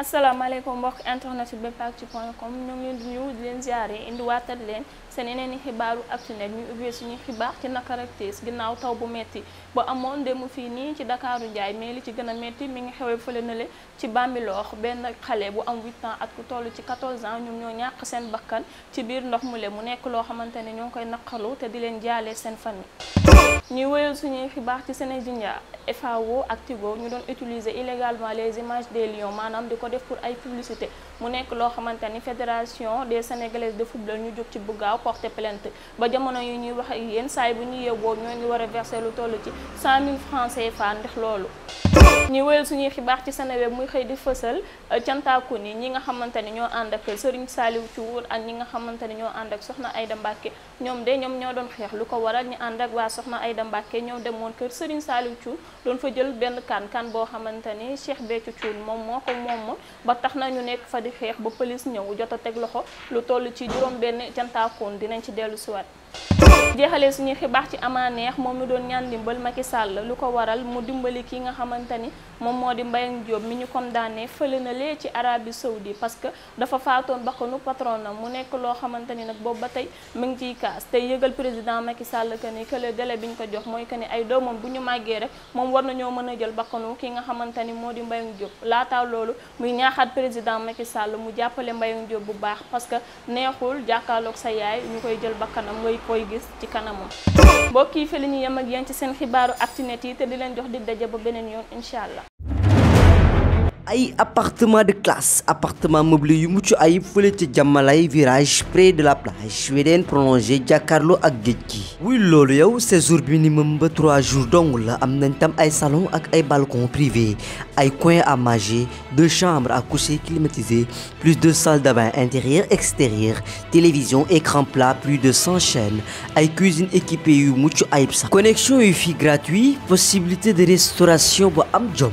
asalaamaaleykum mbokk internet bi bpactu.com ñoo ngi leen di nuyu di leen ziare indiwaatal leen seen yeneen i xibaaru Actu Net ñu ubbee suñu xibaar ci naqar ak ginnaaw taw bu metti ba amoon démb fii nii ci ndakaaru Njaay mais li ci gën a metti mi ngi xewee fële na le ci Bambilor benn xale bu am 8 ans at ku toll ci 14 ans ñu ñoo ñàkk seen bakkan ci biir ndox mu le mu nekk loo xamante ne ñoo ngi koy naqalu te di leen jaalee seen fan famille ñuy wéyal suñuy xibaax ci sene Sénégal FAO ak Tigo ñu doon utilisé illégalement les images des lions maanaam di ko def pour ay publicité mu nekk loo xamante ni fédération des sénégalaises de football ñu jóg ci bu gaaw porter plainte ba jamono yi ñuy wax ak saay bu ñu yeewoo ñoo ngi war a verser lu toll ci 100 000 francs loolu. ñuy wéyal suñuy xibaar ci Seneweb muy xëy di fësal euh, cantaakun yi ñi nga xamante ni ñoo ànd ak Serigne Saliou Thiour ak ñi nga xamante ni ñoo ànd ak Soxna Aïda Mbacke ñoom de ñoo doon xeex ko waral soxna Aïda Mbacke ñoo demoon kër Serigne Saliou Thioune doon fa jël benn kan kan boo xamante ni Cheikh Béthio Thioune moom moo ko moom ba tax na ñu nekk fa di xeex ba pëlis ñëw jot a teg loxo lu toll ci juróom benn cantaakoon dinañ ci dellu siwaat jeexalee suñuy xibaar ci ama neex moom mi doon ñaan dimbal Macky Sall lu ko waral mu dimbali kii nga xamante ni moom moo di Mbayang Diop mi ñu condamné fële na lee ci Arabie Saoudi parce que dafa faatoon bakkanu patron na mu nekk loo xamante ni nag boobu ba tey mu ngi ciy kaas te yëgal président Macky Sall que ni que le bi ñu ko jox mooy que ni ay doomam bu ñu màggee rek moom war nañoo mën a jël bakkanu kii nga xamante ni moo di Mbayang Diop laata loolu muy ñaaxaat président Macky Sall mu jàppale Mbayang jóob bu baax parce que neexul jàkkaarloog sa yaay ñu koy jël bakkanam ngay koy gis ci ci kanamam mbokk yi fi la ñu yem ak yéen ci seen xibaaru Actu yi te di leen jox di daje ba beneen yoon incha allah. ay appartement de classe appartement meublé yu mucc ay fële ca Jàmmalay virage près de la plage wedeen prolongé jàkkaarloo ak géej gi wuy loolu yow séjour minimum ba trois jours dong la am nañ tam ay salon ak ay balcon privé ay coin à manger deux chambres à coucher climatisées plus de salle de bain intérieur extérieur télévision écran plat plus de cent chaînes ay cuisine équipée yu mucc ay sax connexion wi fi gratuit possibilité de restauration bu am jom